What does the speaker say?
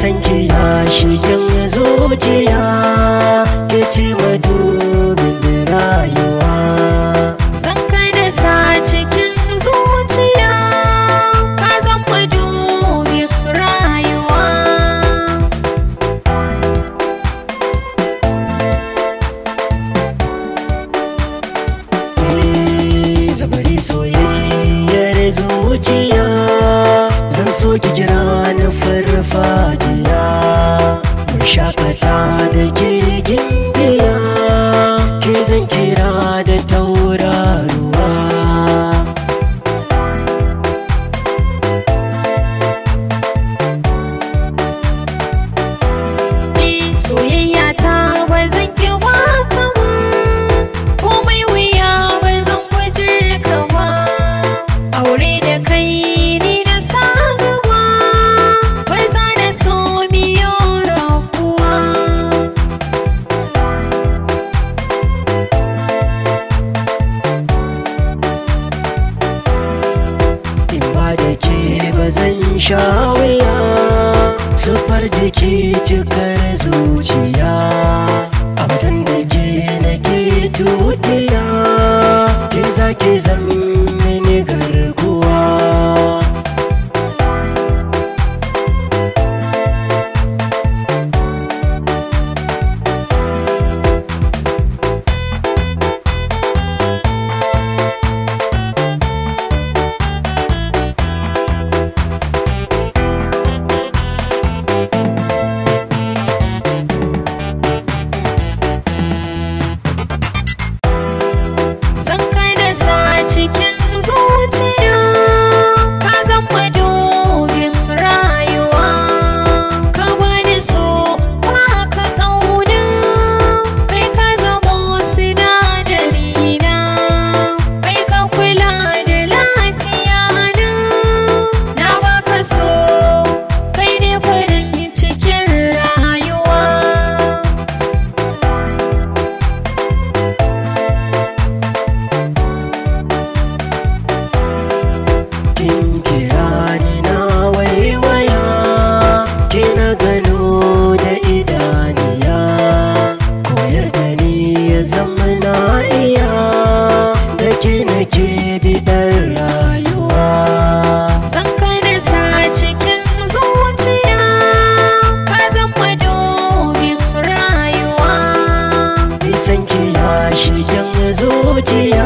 sanki ya shigen zuciya ke ce madubin rayuwa san kai da sa cikin zuciya ka zan dubin rayuwa eh, zabari soyayyar zuciya so ki kira farfajiya mu shakata da ke sha sufar jiki cikar zuciya ya zama na iya da ke nake bidar rayuwa san ka sa cikin zuciya ka zama dubin rayuwa nisan ki ya shigen zuciya